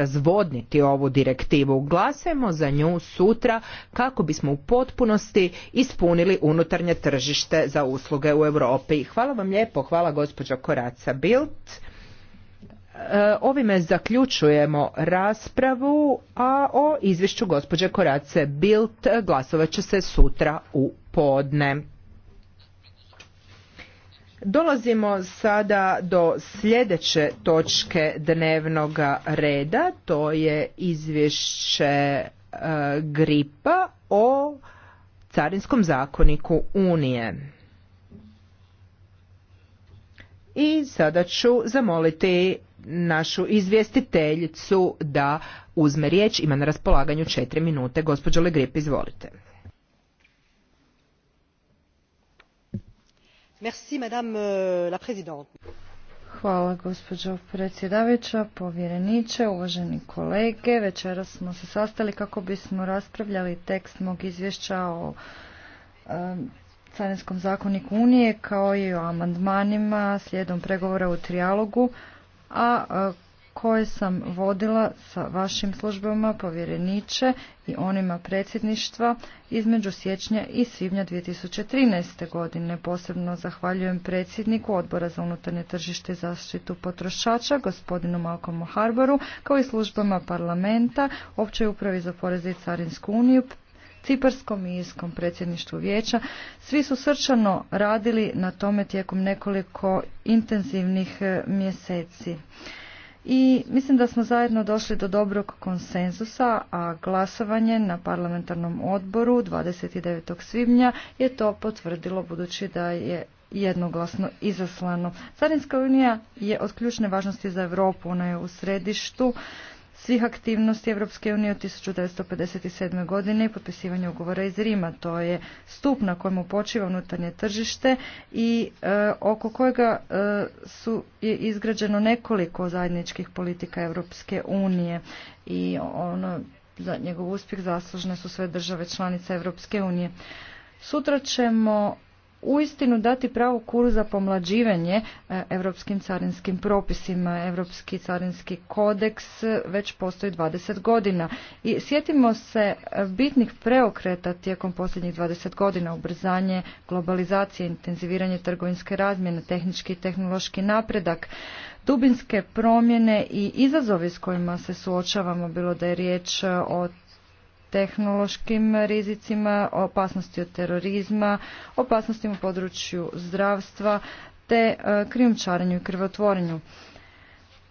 razvodniti ovu direktivu. Glasajmo za nju sutra kako bismo u potpunosti ispunili unutarnje tržište za usluge u Europi. Hvala vam lijepo, hvala gospođo Koraca Bilt. E, ovime zaključujemo raspravu, a o izvješću gospođe Korace Bilt glasovat će se sutra u podne. Dolazimo sada do sljedeće točke dnevnog reda, to je izvješće e, gripa o carinskom zakoniku Unije. I sada ću zamoliti našu izvjestiteljicu da uzme riječ, ima na raspolaganju četiri minute. Gospođo Legrip, izvolite. madame euh, la présidente. Hvala gospođo predsjedavajuća, povjereniče, uvaženi kolege. Večeras smo se sastali kako bismo raspravljali tekst mog izvješća o um, Carinskom zakoniku Unije kao i o amandmanima slijedom pregovora u trijalogu, a koje sam vodila sa vašim službama povjereniče i onima predsjedništva između siječnja i svibnja 2013. godine. Posebno zahvaljujem predsjedniku Odbora za unutarnje tržište i zaštitu potrošača, gospodinu Malkomu Harboru, kao i službama parlamenta, općoj upravi za poreze i carinsku uniju, Ciparskom i Irskom predsjedništvu vijeća. Svi su srčano radili na tome tijekom nekoliko intenzivnih e, mjeseci i mislim da smo zajedno došli do dobrog konsenzusa, a glasovanje na parlamentarnom odboru 29. svibnja je to potvrdilo budući da je jednoglasno izaslano. Carinska unija je od ključne važnosti za Europu, ona je u središtu svih aktivnosti Europske unije od 1957. godine i potpisivanje ugovora iz Rima. To je stup na kojemu počiva unutarnje tržište i e, oko kojega e, su, je izgrađeno nekoliko zajedničkih politika Europske unije i ono, za njegov uspjeh zaslužne su sve države članice Europske unije. Sutra ćemo uistinu dati pravu kuru za pomlađivanje europskim carinskim propisima. Europski carinski kodeks već postoji 20 godina. I sjetimo se bitnih preokreta tijekom posljednjih 20 godina, ubrzanje globalizacije, intenziviranje trgovinske razmjene, tehnički i tehnološki napredak, dubinske promjene i izazovi s kojima se suočavamo, bilo da je riječ o tehnološkim rizicima, opasnosti od terorizma, opasnostima u području zdravstva te e, krijumčarenju i krivotvorenju.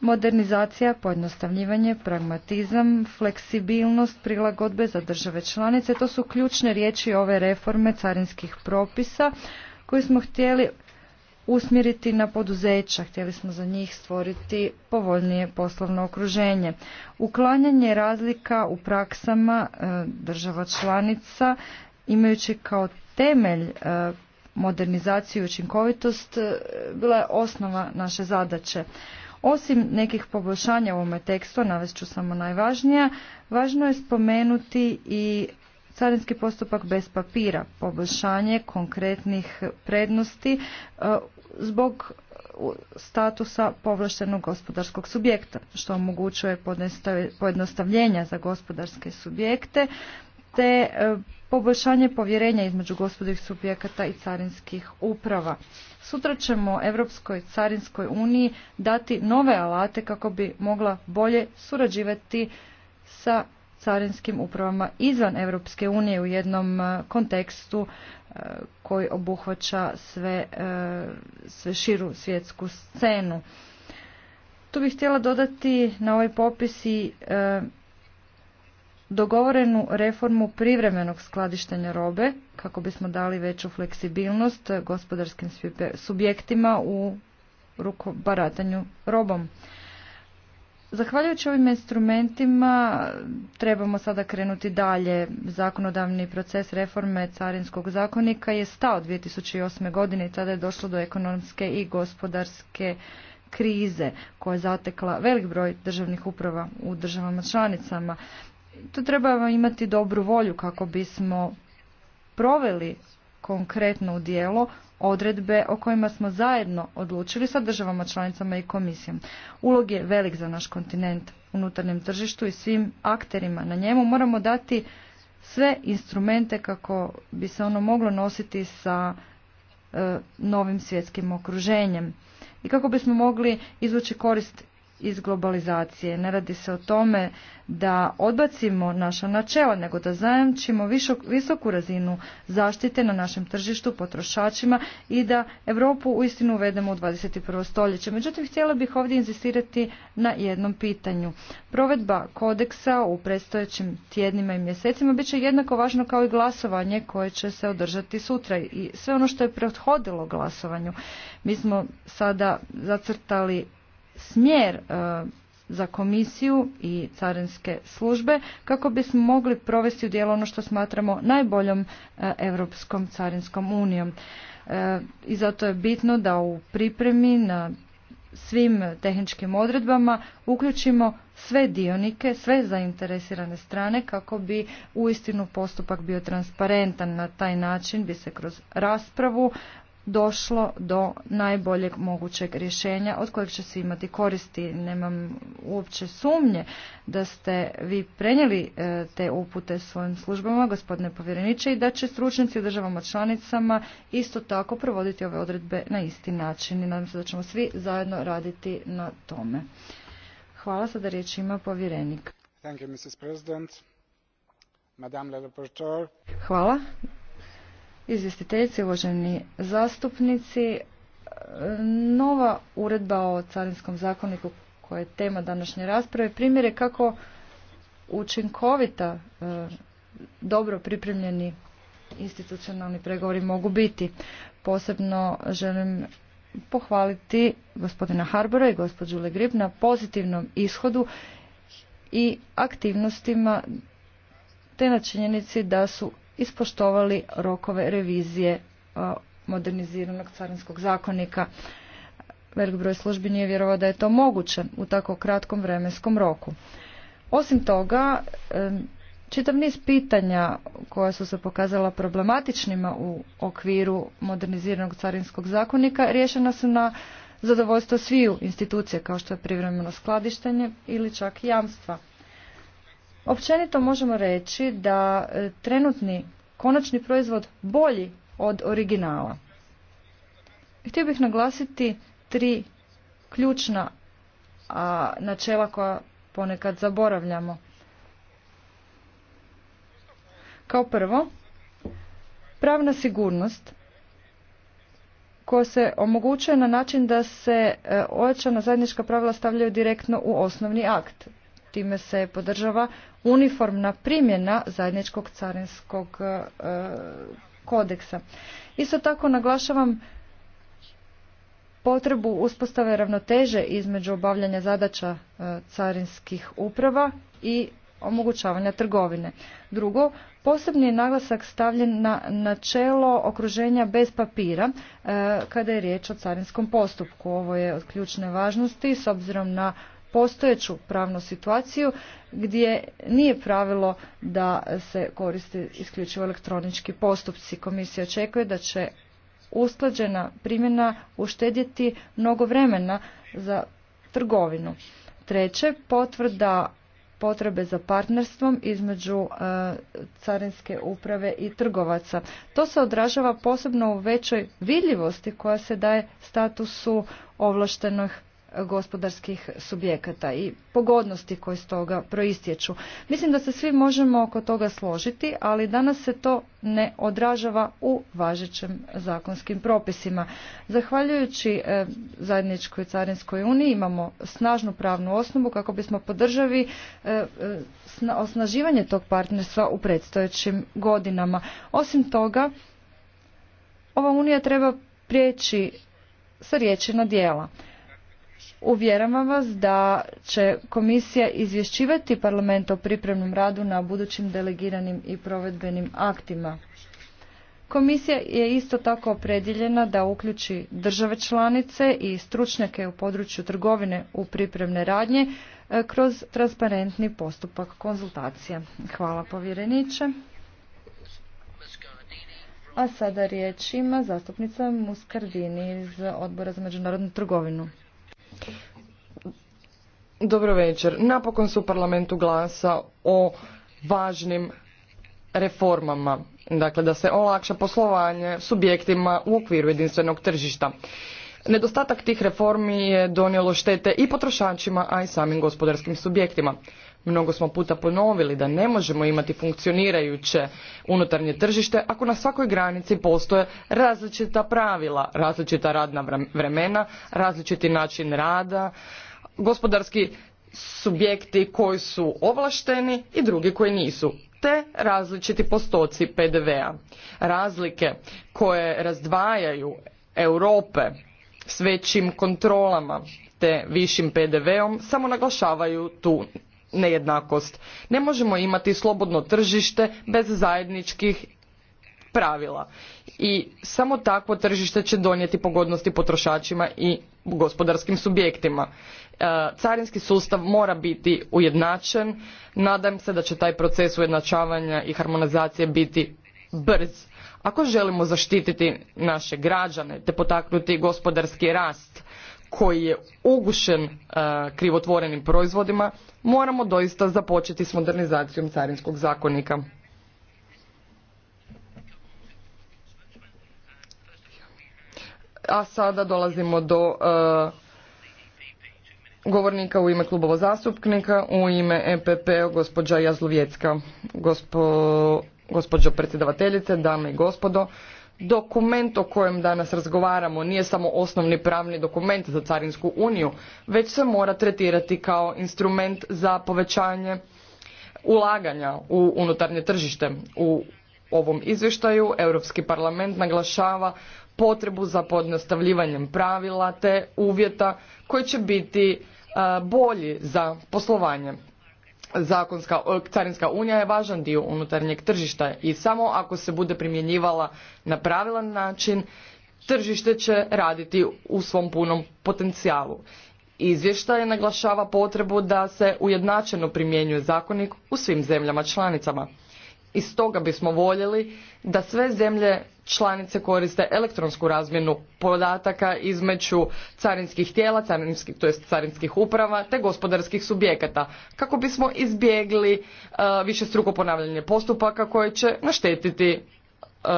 Modernizacija, pojednostavljivanje, pragmatizam, fleksibilnost, prilagodbe za države članice, to su ključne riječi ove reforme carinskih propisa koji smo htjeli usmjeriti na poduzeća. Htjeli smo za njih stvoriti povoljnije poslovno okruženje. Uklanjanje razlika u praksama e, država članica imajući kao temelj e, modernizaciju i učinkovitost e, bila je osnova naše zadaće. Osim nekih poboljšanja u ovome tekstu, navest ću samo najvažnija, važno je spomenuti i carinski postupak bez papira, poboljšanje konkretnih prednosti e, zbog statusa povlaštenog gospodarskog subjekta, što omogućuje pojednostavljenja za gospodarske subjekte, te e, poboljšanje povjerenja između gospodarskih subjekata i carinskih uprava. Sutra ćemo Europskoj carinskoj uniji dati nove alate kako bi mogla bolje surađivati sa carinskim upravama izvan Europske unije u jednom e, kontekstu e, koji obuhvaća sve, e, sve širu svjetsku scenu. Tu bih htjela dodati na ovaj popis i dogovorenu reformu privremenog skladištenja robe kako bismo dali veću fleksibilnost gospodarskim subjektima u baratanju robom. Zahvaljujući ovim instrumentima trebamo sada krenuti dalje. Zakonodavni proces reforme Carinskog zakonika je stao 2008. godine i tada je došlo do ekonomske i gospodarske krize koja je zatekla velik broj državnih uprava u državama članicama. Tu trebamo imati dobru volju kako bismo proveli konkretno u odredbe o kojima smo zajedno odlučili sa državama članicama i komisijom. Ulog je velik za naš kontinent unutarnjem tržištu i svim akterima na njemu moramo dati sve instrumente kako bi se ono moglo nositi sa e, novim svjetskim okruženjem i kako bismo mogli izvući korist iz globalizacije. Ne radi se o tome da odbacimo naša načela, nego da zajamčimo visoku razinu zaštite na našem tržištu potrošačima i da Europu uistinu uvedemo u 21. stoljeće. Međutim, htjela bih ovdje inzistirati na jednom pitanju. Provedba kodeksa u predstojećim tjednima i mjesecima bit će jednako važno kao i glasovanje koje će se održati sutra i sve ono što je prethodilo glasovanju. Mi smo sada zacrtali smjer e, za komisiju i carinske službe kako bismo mogli provesti u djelo ono što smatramo najboljom e, Europskom carinskom unijom. E, I zato je bitno da u pripremi na svim tehničkim odredbama uključimo sve dionike, sve zainteresirane strane kako bi uistinu postupak bio transparentan. Na taj način bi se kroz raspravu došlo do najboljeg mogućeg rješenja od kojeg će se imati koristi. Nemam uopće sumnje da ste vi prenijeli e, te upute svojim službama, gospodine povjereniče, i da će stručnjaci u državama članicama isto tako provoditi ove odredbe na isti način. I nadam se da ćemo svi zajedno raditi na tome. Hvala sada riječ ima povjerenik. Thank you, Mrs. President. Hvala, izvjestiteljice, uvaženi zastupnici. E, nova uredba o carinskom zakoniku koja je tema današnje rasprave primjer je kako učinkovita e, dobro pripremljeni institucionalni pregovori mogu biti. Posebno želim pohvaliti gospodina Harbora i gospođu Legrip na pozitivnom ishodu i aktivnostima te na činjenici da su ispoštovali rokove revizije moderniziranog carinskog zakonika. Velik broj službi nije vjerovao da je to moguće u tako kratkom vremenskom roku. Osim toga, čitav niz pitanja koja su se pokazala problematičnima u okviru moderniziranog carinskog zakonika rješena su na zadovoljstvo sviju institucija kao što je privremeno skladištenje ili čak jamstva. Općenito možemo reći da e, trenutni konačni proizvod bolji od originala. Htio bih naglasiti tri ključna a, načela koja ponekad zaboravljamo. Kao prvo, pravna sigurnost koja se omogućuje na način da se e, ojačana zajednička pravila stavljaju direktno u osnovni akt time se podržava uniformna primjena zajedničkog carinskog e, kodeksa. Isto tako naglašavam potrebu uspostave ravnoteže između obavljanja zadaća e, carinskih uprava i omogućavanja trgovine. Drugo, posebni je naglasak stavljen na načelo okruženja bez papira e, kada je riječ o carinskom postupku. Ovo je od ključne važnosti s obzirom na postojeću pravnu situaciju gdje nije pravilo da se koriste isključivo elektronički postupci. Komisija očekuje da će usklađena primjena uštedjeti mnogo vremena za trgovinu. Treće, potvrda potrebe za partnerstvom između e, carinske uprave i trgovaca. To se odražava posebno u većoj vidljivosti koja se daje statusu ovlaštenih gospodarskih subjekata i pogodnosti koje s toga proistječu. Mislim da se svi možemo oko toga složiti, ali danas se to ne odražava u važećim zakonskim propisima. Zahvaljujući e, zajedničkoj carinskoj uniji imamo snažnu pravnu osnovu kako bismo podržali e, osnaživanje tog partnerstva u predstojećim godinama. Osim toga, ova unija treba prijeći sa riječi na dijela. Uvjeravam vas da će komisija izvješćivati parlament o pripremnom radu na budućim delegiranim i provedbenim aktima. Komisija je isto tako opredjeljena da uključi države članice i stručnjake u području trgovine u pripremne radnje e, kroz transparentni postupak konzultacija. Hvala povjereniče. A sada riječ ima zastupnica Muskardini iz Odbora za međunarodnu trgovinu. Dobro večer. Napokon su u parlamentu glasa o važnim reformama. Dakle, da se olakša poslovanje subjektima u okviru jedinstvenog tržišta. Nedostatak tih reformi je donijelo štete i potrošačima, a i samim gospodarskim subjektima. Mnogo smo puta ponovili da ne možemo imati funkcionirajuće unutarnje tržište ako na svakoj granici postoje različita pravila, različita radna vremena, različiti način rada, gospodarski subjekti koji su ovlašteni i drugi koji nisu te različiti postoci PDV-a. Razlike koje razdvajaju Europe s većim kontrolama te višim PDV-om samo naglašavaju tu nejednakost. Ne možemo imati slobodno tržište bez zajedničkih pravila i samo takvo tržište će donijeti pogodnosti potrošačima i gospodarskim subjektima. E, carinski sustav mora biti ujednačen, nadam se da će taj proces ujednačavanja i harmonizacije biti brz. Ako želimo zaštititi naše građane te potaknuti gospodarski rast koji je ugušen e, krivotvorenim proizvodima, moramo doista započeti s modernizacijom carinskog zakonika. A sada dolazimo do e, govornika u ime klubova zastupnika, u ime EPP p-a, gospođa Jazlovjecka. gospođo predsjedavateljice, dame i gospodo, dokument o kojem danas razgovaramo nije samo osnovni pravni dokument za Carinsku uniju, već se mora tretirati kao instrument za povećanje ulaganja u unutarnje tržište. U ovom izvještaju Europski parlament naglašava potrebu za podnostavljivanjem pravila te uvjeta koji će biti e, bolji za poslovanje. Zakonska e, carinska unija je važan dio unutarnjeg tržišta i samo ako se bude primjenjivala na pravilan način tržište će raditi u svom punom potencijalu. Izvještaj naglašava potrebu da se ujednačeno primjenjuje zakonik u svim zemljama članicama i stoga bismo voljeli da sve zemlje članice koriste elektronsku razmjenu podataka između carinskih tijela, carinskih, to jest carinskih uprava te gospodarskih subjekata kako bismo izbjegli uh, višestruko ponavljanje postupaka koje će naštetiti e,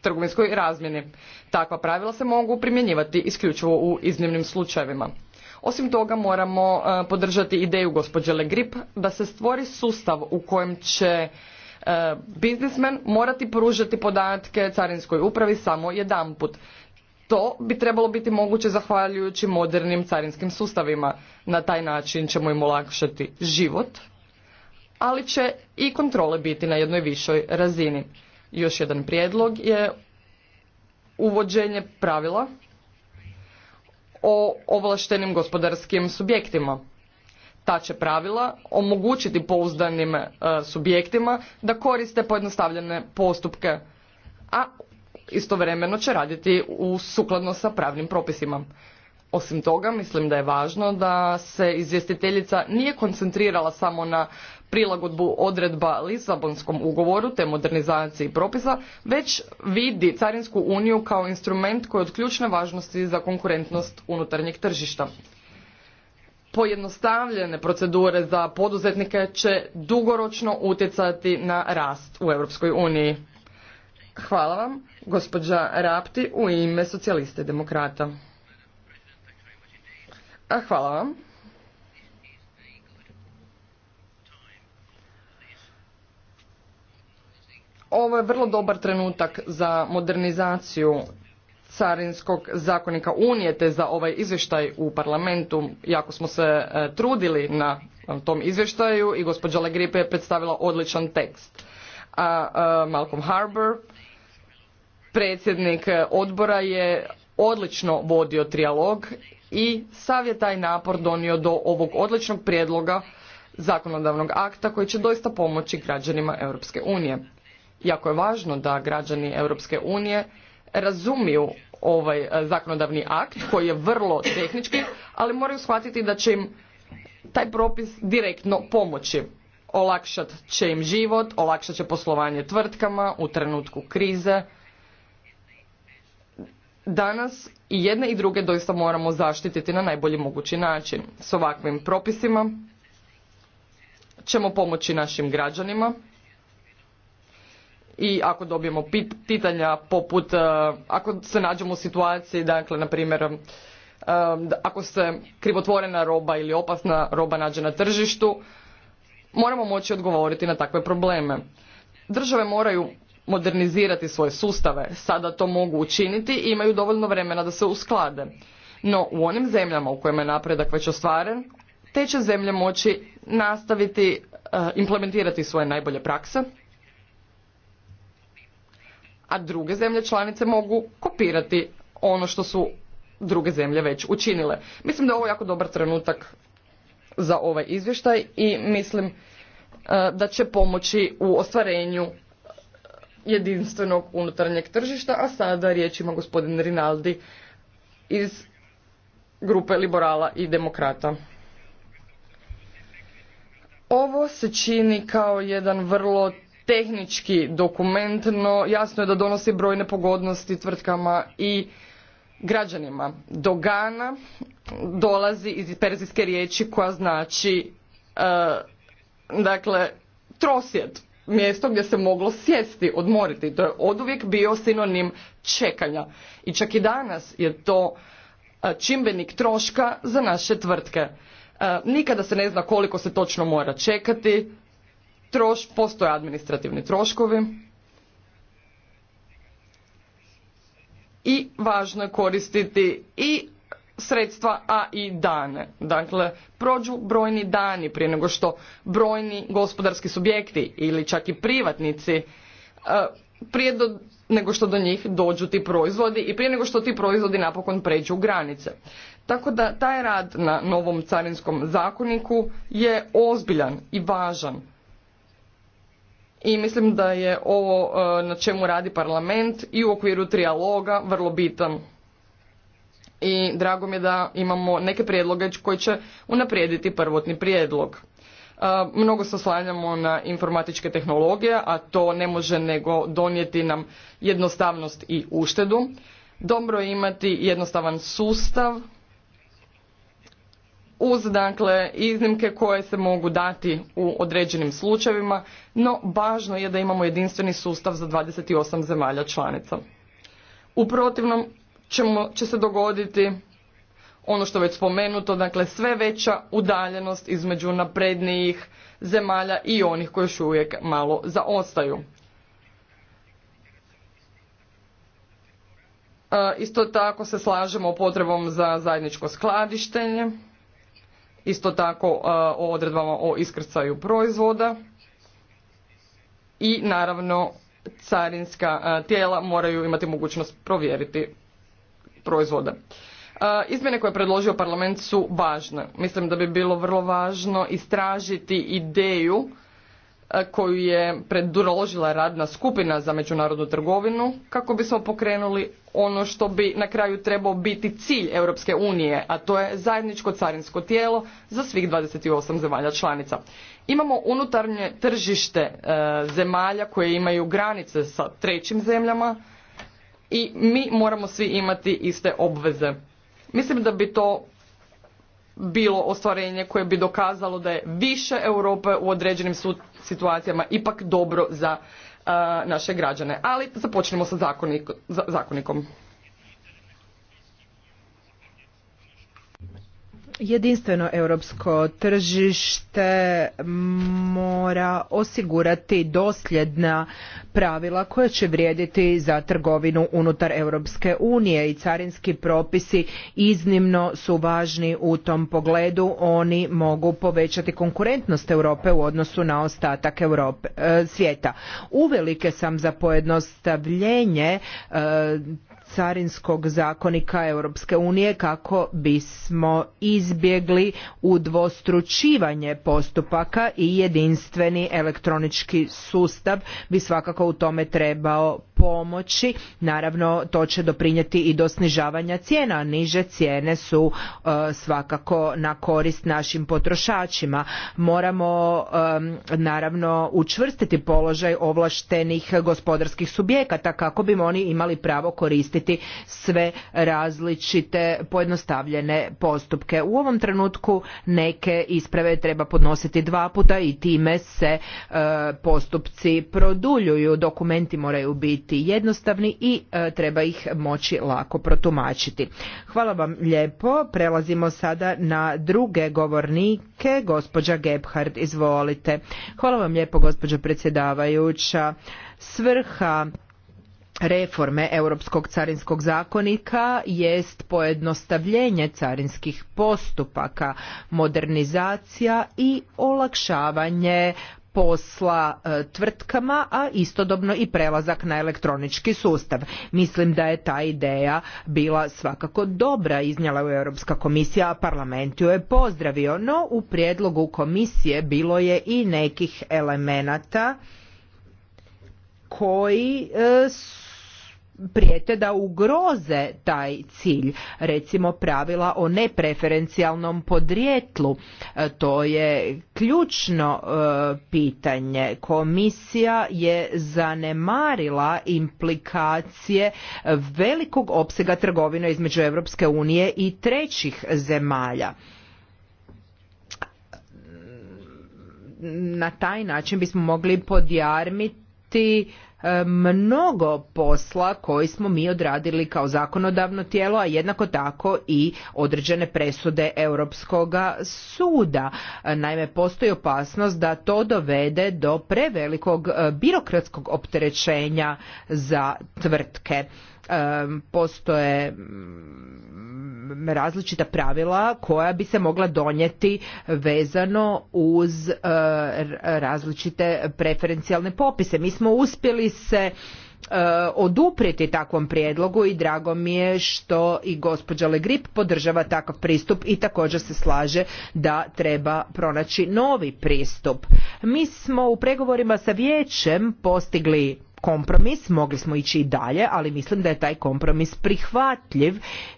trgovinskoj razmjeni. Takva pravila se mogu primjenjivati isključivo u iznimnim slučajevima. Osim toga moramo e, podržati ideju gospođe Legrip Grip da se stvori sustav u kojem će E, biznismen morati pružati podatke carinskoj upravi samo jedanput. To bi trebalo biti moguće zahvaljujući modernim carinskim sustavima. Na taj način ćemo im olakšati život, ali će i kontrole biti na jednoj višoj razini. Još jedan prijedlog je uvođenje pravila o ovlaštenim gospodarskim subjektima. Ta će pravila omogućiti pouzdanim e, subjektima da koriste pojednostavljene postupke, a istovremeno će raditi u sukladno sa pravnim propisima. Osim toga, mislim da je važno da se izvjestiteljica nije koncentrirala samo na prilagodbu odredba Lisabonskom ugovoru te modernizaciji propisa, već vidi Carinsku uniju kao instrument koji je od ključne važnosti za konkurentnost unutarnjeg tržišta pojednostavljene procedure za poduzetnike će dugoročno utjecati na rast u Europskoj uniji. Hvala vam, gospođa Rapti, u ime socijaliste i demokrata. Hvala vam. Ovo je vrlo dobar trenutak za modernizaciju carinskog zakonika Unije te za ovaj izvještaj u parlamentu. Jako smo se e, trudili na tom izvještaju i gospođa Legripe je predstavila odličan tekst. A e, Malcolm Harbour, predsjednik e, odbora je odlično vodio trijalog i sav je taj napor donio do ovog odličnog prijedloga zakonodavnog akta koji će doista pomoći građanima Europske unije. Jako je važno da građani Europske unije razumiju ovaj e, zakonodavni akt koji je vrlo tehnički, ali moraju shvatiti da će im taj propis direktno pomoći. Olakšat će im život, olakšat će poslovanje tvrtkama u trenutku krize. Danas i jedne i druge doista moramo zaštititi na najbolji mogući način. S ovakvim propisima ćemo pomoći našim građanima i ako dobijemo pitanja poput, e, ako se nađemo u situaciji, dakle, na primjer, e, ako se krivotvorena roba ili opasna roba nađe na tržištu, moramo moći odgovoriti na takve probleme. Države moraju modernizirati svoje sustave, sada to mogu učiniti i imaju dovoljno vremena da se usklade. No u onim zemljama u kojima je napredak već ostvaren, te će zemlje moći nastaviti e, implementirati svoje najbolje prakse a druge zemlje članice mogu kopirati ono što su druge zemlje već učinile. Mislim da je ovo jako dobar trenutak za ovaj izvještaj i mislim e, da će pomoći u ostvarenju e, jedinstvenog unutarnjeg tržišta, a sada riječ ima gospodin Rinaldi iz grupe Liberala i Demokrata. Ovo se čini kao jedan vrlo tehnički dokument, no jasno je da donosi brojne pogodnosti tvrtkama i građanima. Do Gana dolazi iz perzijske riječi koja znači eh, dakle trosjed, mjesto gdje se moglo sjesti, odmoriti. To je oduvijek bio sinonim čekanja. I čak i danas je to eh, čimbenik troška za naše tvrtke. Eh, nikada se ne zna koliko se točno mora čekati, troš, postoje administrativni troškovi i važno je koristiti i sredstva, a i dane. Dakle, prođu brojni dani prije nego što brojni gospodarski subjekti ili čak i privatnici e, prije nego što do njih dođu ti proizvodi i prije nego što ti proizvodi napokon pređu granice. Tako da taj rad na novom carinskom zakoniku je ozbiljan i važan i mislim da je ovo e, na čemu radi parlament i u okviru trijaloga vrlo bitan. I drago mi je da imamo neke prijedloge koji će unaprijediti prvotni prijedlog. E, mnogo se oslanjamo na informatičke tehnologije, a to ne može nego donijeti nam jednostavnost i uštedu. Dobro je imati jednostavan sustav uz dakle iznimke koje se mogu dati u određenim slučajevima, no važno je da imamo jedinstveni sustav za 28 zemalja članica. U protivnom ćemo, će se dogoditi ono što već spomenuto, dakle sve veća udaljenost između naprednijih zemalja i onih koji još uvijek malo zaostaju. E, isto tako se slažemo potrebom za zajedničko skladištenje isto tako e, o odredbama o iskrcaju proizvoda i naravno carinska e, tijela moraju imati mogućnost provjeriti proizvode. E, izmjene koje je predložio parlament su važne. Mislim da bi bilo vrlo važno istražiti ideju koju je predložila radna skupina za međunarodnu trgovinu kako bismo pokrenuli ono što bi na kraju trebao biti cilj Europske unije, a to je zajedničko carinsko tijelo za svih 28 zemalja članica. Imamo unutarnje tržište e, zemalja koje imaju granice sa trećim zemljama i mi moramo svi imati iste obveze. Mislim da bi to bilo ostvarenje koje bi dokazalo da je više Europe u određenim situacijama ipak dobro za uh, naše građane. Ali započnemo sa zakonikom. Jedinstveno europsko tržište mora osigurati dosljedna pravila koja će vrijediti za trgovinu unutar Europske unije i carinski propisi iznimno su važni u tom pogledu. Oni mogu povećati konkurentnost Europe u odnosu na ostatak Europe, e, svijeta. Uvelike sam za pojednostavljenje e, carinskog zakonika Europske unije kako bismo izbjegli udvostručivanje postupaka i jedinstveni elektronički sustav bi svakako u tome trebao pomoći naravno to će doprinijeti i do snižavanja cijena niže cijene su e, svakako na korist našim potrošačima moramo naravno učvrstiti položaj ovlaštenih gospodarskih subjekata kako bi oni imali pravo koristiti sve različite pojednostavljene postupke u ovom trenutku neke isprave treba podnositi dva puta i time se e, postupci produljuju dokumenti moraju biti biti jednostavni i e, treba ih moći lako protumačiti. Hvala vam lijepo. Prelazimo sada na druge govornike. Gospođa Gebhard, izvolite. Hvala vam lijepo, gospođo predsjedavajuća. Svrha reforme Europskog carinskog zakonika jest pojednostavljenje carinskih postupaka, modernizacija i olakšavanje posla e, tvrtkama, a istodobno i prelazak na elektronički sustav. Mislim da je ta ideja bila svakako dobra, iznjela je Europska komisija, a parlament ju je pozdravio, no u prijedlogu komisije bilo je i nekih elemenata koji su e, prijete da ugroze taj cilj recimo pravila o nepreferencijalnom podrijetlu e, to je ključno e, pitanje komisija je zanemarila implikacije velikog opsega trgovine između Europske unije i trećih zemalja na taj način bismo mogli podjarmiti E, mnogo posla koji smo mi odradili kao zakonodavno tijelo, a jednako tako i određene presude Europskoga suda. E, naime, postoji opasnost da to dovede do prevelikog e, birokratskog opterećenja za tvrtke postoje mm, različita pravila koja bi se mogla donijeti vezano uz e, različite preferencijalne popise. Mi smo uspjeli se e, oduprijeti takvom prijedlogu i drago mi je što i gospođa Legrip podržava takav pristup i također se slaže da treba pronaći novi pristup. Mi smo u pregovorima sa vijećem postigli kompromis, mogli smo ići i dalje, ali mislim da je taj kompromis prihvatljiv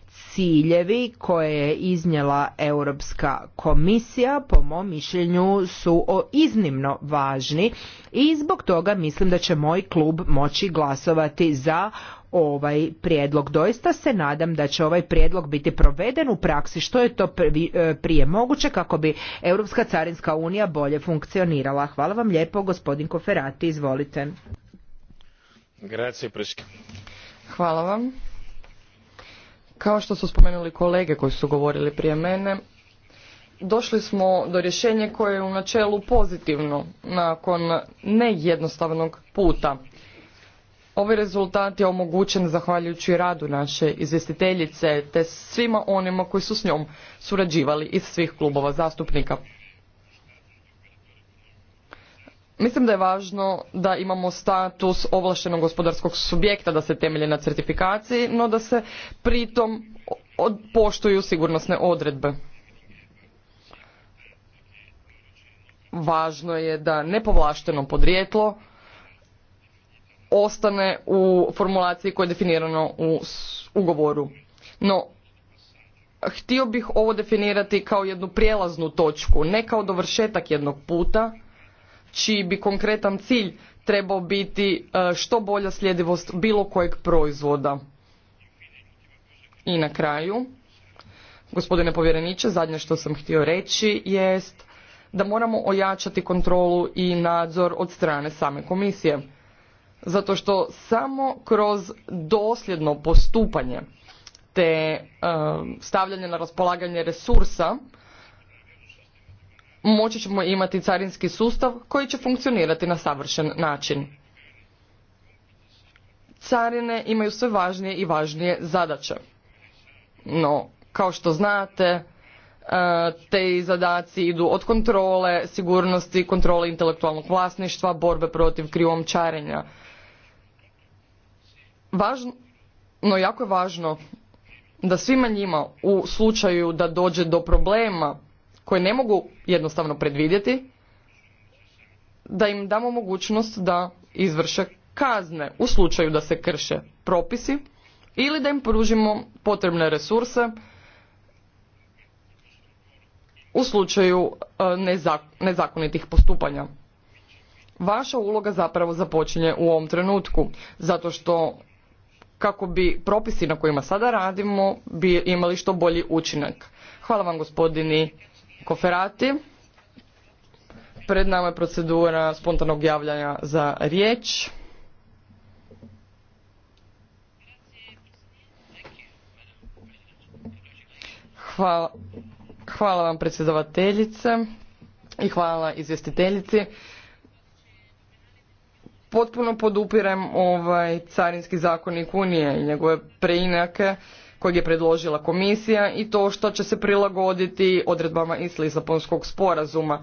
ciljevi koje je iznijela Europska komisija po mom mišljenju su iznimno važni i zbog toga mislim da će moj klub moći glasovati za ovaj prijedlog. Doista se nadam da će ovaj prijedlog biti proveden u praksi što je to e, prije moguće kako bi Europska carinska unija bolje funkcionirala. Hvala vam lijepo gospodin Koferati, izvolite. Hvala vam. Kao što su spomenuli kolege koji su govorili prije mene, došli smo do rješenja koje je u načelu pozitivno nakon nejednostavnog puta. Ovaj rezultat je omogućen zahvaljujući radu naše izvjestiteljice te svima onima koji su s njom surađivali iz svih klubova zastupnika. Mislim da je važno da imamo status ovlaštenog gospodarskog subjekta da se temelje na certifikaciji, no da se pritom poštuju sigurnosne odredbe. Važno je da nepovlašteno podrijetlo ostane u formulaciji koja je definirana u ugovoru. No, htio bih ovo definirati kao jednu prijelaznu točku, ne kao dovršetak jednog puta, čiji bi konkretan cilj trebao biti e, što bolja sljedivost bilo kojeg proizvoda. I na kraju, gospodine povjereniče, zadnje što sam htio reći jest da moramo ojačati kontrolu i nadzor od strane same komisije. Zato što samo kroz dosljedno postupanje te e, stavljanje na raspolaganje resursa moći ćemo imati carinski sustav koji će funkcionirati na savršen način. Carine imaju sve važnije i važnije zadaće. No, kao što znate, e, te zadaci idu od kontrole, sigurnosti, kontrole intelektualnog vlasništva, borbe protiv krivom Važno, no jako je važno da svima njima u slučaju da dođe do problema koje ne mogu jednostavno predvidjeti, da im damo mogućnost da izvrše kazne u slučaju da se krše propisi ili da im pružimo potrebne resurse u slučaju e, nezakonitih postupanja. Vaša uloga zapravo započinje u ovom trenutku, zato što kako bi propisi na kojima sada radimo bi imali što bolji učinak. Hvala vam gospodini Koferati. Pred nama je procedura spontanog javljanja za riječ. Hvala, hvala vam predsjedavateljice i hvala izvjestiteljici. Potpuno podupirem ovaj carinski zakonnik Unije i njegove preinake kojeg je predložila komisija i to što će se prilagoditi odredbama iz Lisabonskog sporazuma.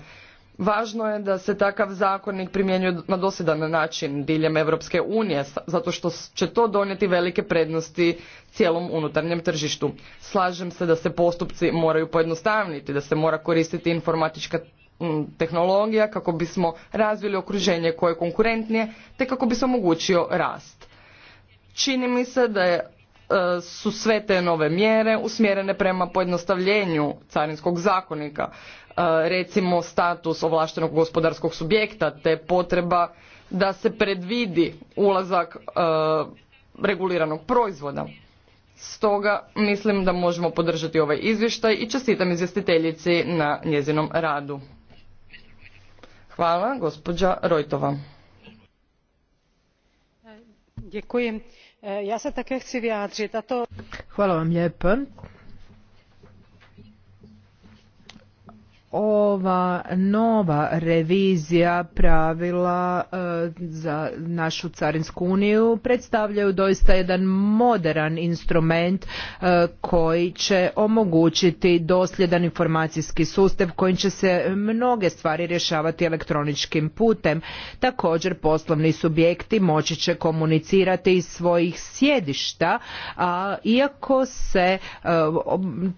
Važno je da se takav zakonik primjenjuje na dosjedan način diljem Europske unije, zato što će to donijeti velike prednosti cijelom unutarnjem tržištu. Slažem se da se postupci moraju pojednostavniti, da se mora koristiti informatička tehnologija kako bismo razvili okruženje koje je konkurentnije te kako bi se omogućio rast. Čini mi se da je E, su sve te nove mjere usmjerene prema pojednostavljenju carinskog zakonika, e, recimo status ovlaštenog gospodarskog subjekta te potreba da se predvidi ulazak e, reguliranog proizvoda. Stoga mislim da možemo podržati ovaj izvještaj i čestitam izvjestiteljici na njezinom radu. Hvala, gospođa Rojtova. E, ja se také chci vyjádřit a to... Hvala vam lijepa. ova nova revizija pravila e, za našu carinsku uniju predstavljaju doista jedan moderan instrument e, koji će omogućiti dosljedan informacijski sustav kojim će se mnoge stvari rješavati elektroničkim putem. Također poslovni subjekti moći će komunicirati iz svojih sjedišta, a iako se e,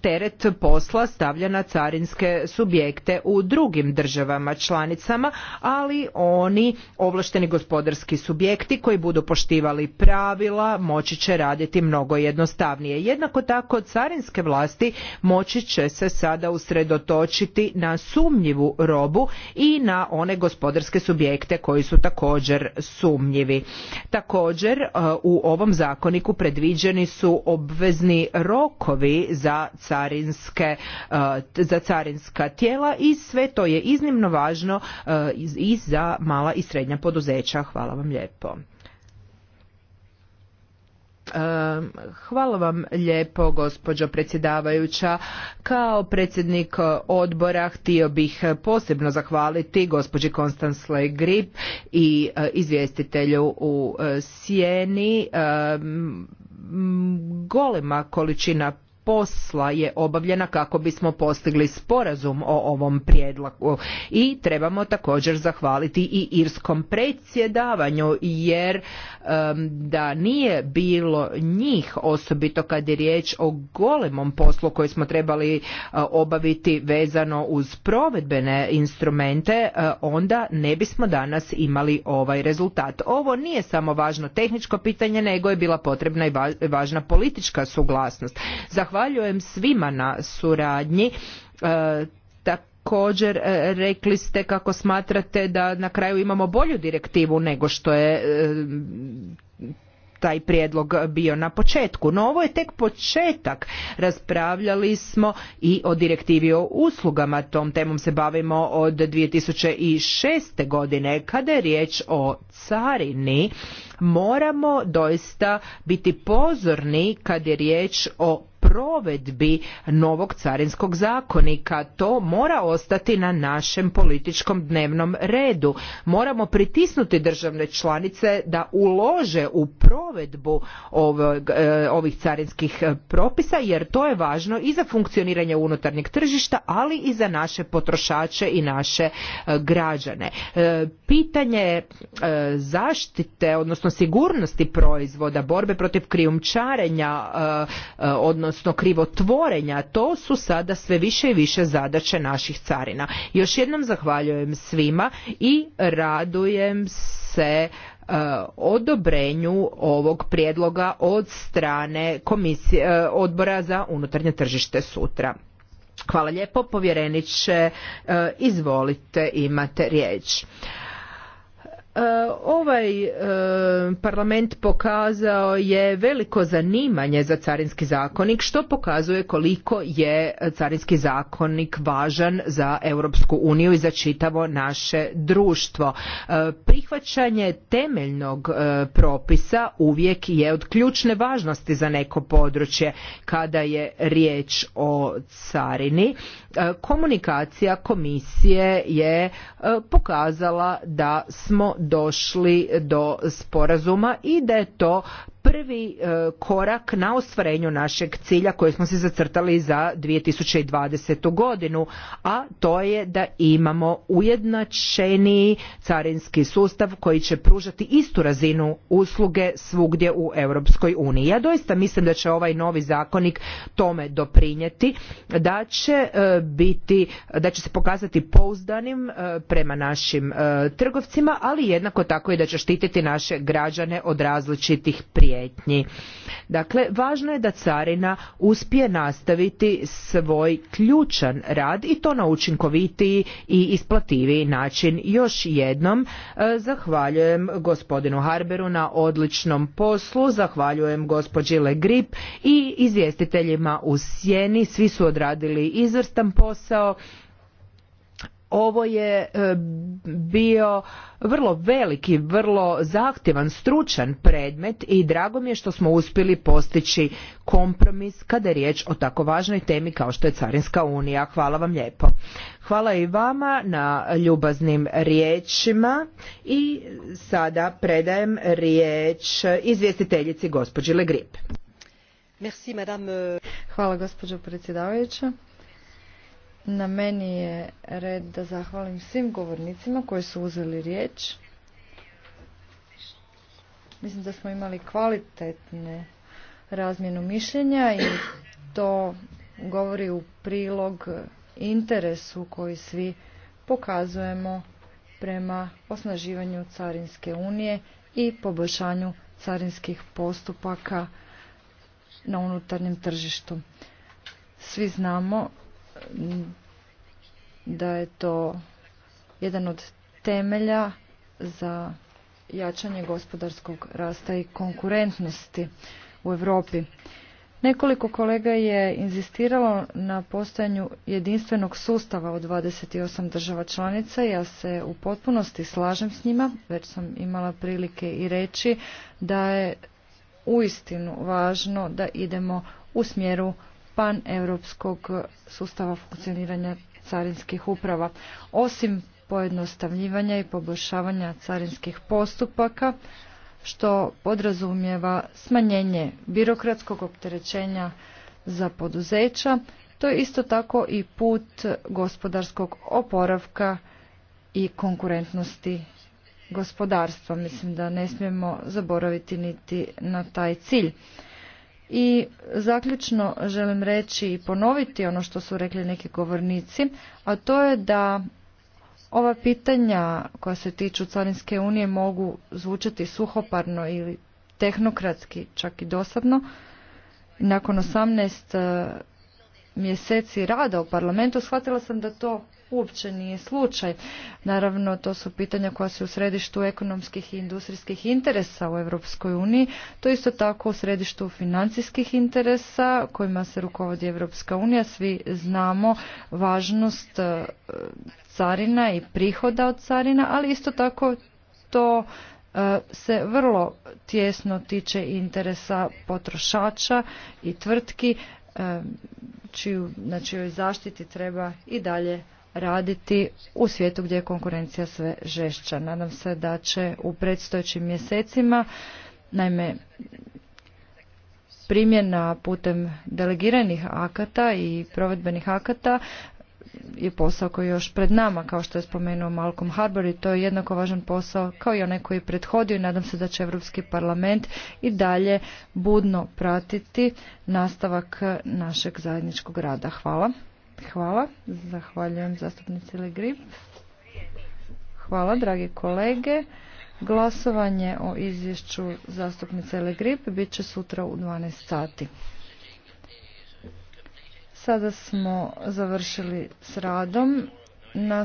teret posla stavlja na carinske subjekte subjekte u drugim državama članicama, ali oni ovlašteni gospodarski subjekti koji budu poštivali pravila moći će raditi mnogo jednostavnije. Jednako tako carinske vlasti moći će se sada usredotočiti na sumnjivu robu i na one gospodarske subjekte koji su također sumnjivi. Također e, u ovom zakoniku predviđeni su obvezni rokovi za carinske e, za carinska tijela tijela i sve to je iznimno važno e, i za mala i srednja poduzeća. Hvala vam lijepo. E, hvala vam lijepo, gospođo predsjedavajuća. Kao predsjednik odbora htio bih posebno zahvaliti gospođi Konstans Legrip i e, izvjestitelju u Sjeni. Golema količina posla je obavljena kako bismo postigli sporazum o ovom prijedlogu i trebamo također zahvaliti i irskom predsjedavanju jer da nije bilo njih osobito kad je riječ o golemom poslu koji smo trebali e, obaviti vezano uz provedbene instrumente e, onda ne bismo danas imali ovaj rezultat ovo nije samo važno tehničko pitanje nego je bila potrebna i važna politička suglasnost Zahvaljujem Zahvaljujem svima na suradnji. E, također e, rekli ste kako smatrate da na kraju imamo bolju direktivu nego što je e, taj prijedlog bio na početku. No ovo je tek početak. Raspravljali smo i o direktivi o uslugama. Tom temom se bavimo od 2006. godine. Kada je riječ o carini, moramo doista biti pozorni kad je riječ o provedbi novog carinskog zakonika. To mora ostati na našem političkom dnevnom redu. Moramo pritisnuti državne članice da ulože u provedbu ovog, e, ovih carinskih e, propisa jer to je važno i za funkcioniranje unutarnjeg tržišta, ali i za naše potrošače i naše e, građane. Pitanje zaštite, odnosno sigurnosti proizvoda, borbe protiv krijumčarenja, odnosno odnosno krivotvorenja, to su sada sve više i više zadaće naših carina. Još jednom zahvaljujem svima i radujem se e, odobrenju ovog prijedloga od strane komisije, e, odbora za unutarnje tržište sutra. Hvala lijepo, povjereniče, e, izvolite, imate riječ. E, ovaj e, parlament pokazao je veliko zanimanje za carinski zakonik što pokazuje koliko je carinski zakonik važan za Europsku uniju i za čitavo naše društvo. E, prihvaćanje temeljnog propisa uvijek je od ključne važnosti za neko područje kada je riječ o carini E, komunikacija komisije je e, pokazala da smo došli do sporazuma i da je to prvi e, korak na ostvarenju našeg cilja koji smo se zacrtali za 2020. godinu, a to je da imamo ujednačeni carinski sustav koji će pružati istu razinu usluge svugdje u Europskoj uniji. Ja doista mislim da će ovaj novi zakonik tome doprinijeti, da će e, biti, da će se pokazati pouzdanim e, prema našim trgovcima, ali jednako tako i da će štititi naše građane od različitih prijatelja prijetnji. Dakle, važno je da carina uspije nastaviti svoj ključan rad i to na učinkovitiji i isplativiji način. Još jednom e, zahvaljujem gospodinu Harberu na odličnom poslu, zahvaljujem gospođi Grip i izvjestiteljima u Sjeni. Svi su odradili izvrstan posao ovo je e, bio vrlo veliki, vrlo zahtjevan, stručan predmet i drago mi je što smo uspjeli postići kompromis kada je riječ o tako važnoj temi kao što je Carinska unija. Hvala vam lijepo. Hvala i vama na ljubaznim riječima i sada predajem riječ izvjestiteljici gospođi Legrip. Hvala gospođo predsjedavajuća. Na meni je red da zahvalim svim govornicima koji su uzeli riječ. Mislim da smo imali kvalitetne razmjenu mišljenja i to govori u prilog interesu koji svi pokazujemo prema osnaživanju Carinske unije i poboljšanju carinskih postupaka na unutarnjem tržištu. Svi znamo da je to jedan od temelja za jačanje gospodarskog rasta i konkurentnosti u Europi. Nekoliko kolega je inzistiralo na postojanju jedinstvenog sustava od 28 država članica. Ja se u potpunosti slažem s njima, već sam imala prilike i reći da je uistinu važno da idemo u smjeru europskog sustava funkcioniranja carinskih uprava. Osim pojednostavljivanja i poboljšavanja carinskih postupaka, što podrazumijeva smanjenje birokratskog opterećenja za poduzeća, to je isto tako i put gospodarskog oporavka i konkurentnosti gospodarstva. Mislim da ne smijemo zaboraviti niti na taj cilj. I zaključno želim reći i ponoviti ono što su rekli neki govornici, a to je da ova pitanja koja se tiču Carinske unije mogu zvučati suhoparno ili tehnokratski, čak i dosadno. Nakon 18 mjeseci rada u parlamentu shvatila sam da to uopće nije slučaj. Naravno, to su pitanja koja su u središtu ekonomskih i industrijskih interesa u Europskoj uniji, to isto tako u središtu financijskih interesa kojima se rukovodi Europska unija. Svi znamo važnost e, carina i prihoda od carina, ali isto tako to e, se vrlo tjesno tiče interesa potrošača i tvrtki čiju, na čijoj zaštiti treba i dalje raditi u svijetu gdje je konkurencija sve žešća. Nadam se da će u predstojećim mjesecima, naime, primjena putem delegiranih akata i provedbenih akata je posao koji je još pred nama, kao što je spomenuo Malcolm Harbour i to je jednako važan posao kao i onaj koji je prethodio i nadam se da će Europski parlament i dalje budno pratiti nastavak našeg zajedničkog rada. Hvala. Hvala. Zahvaljujem zastupnici Hvala, dragi kolege. Glasovanje o izvješću zastupnice Legrip bit će sutra u 12 sati. Sada smo završili s radom. Na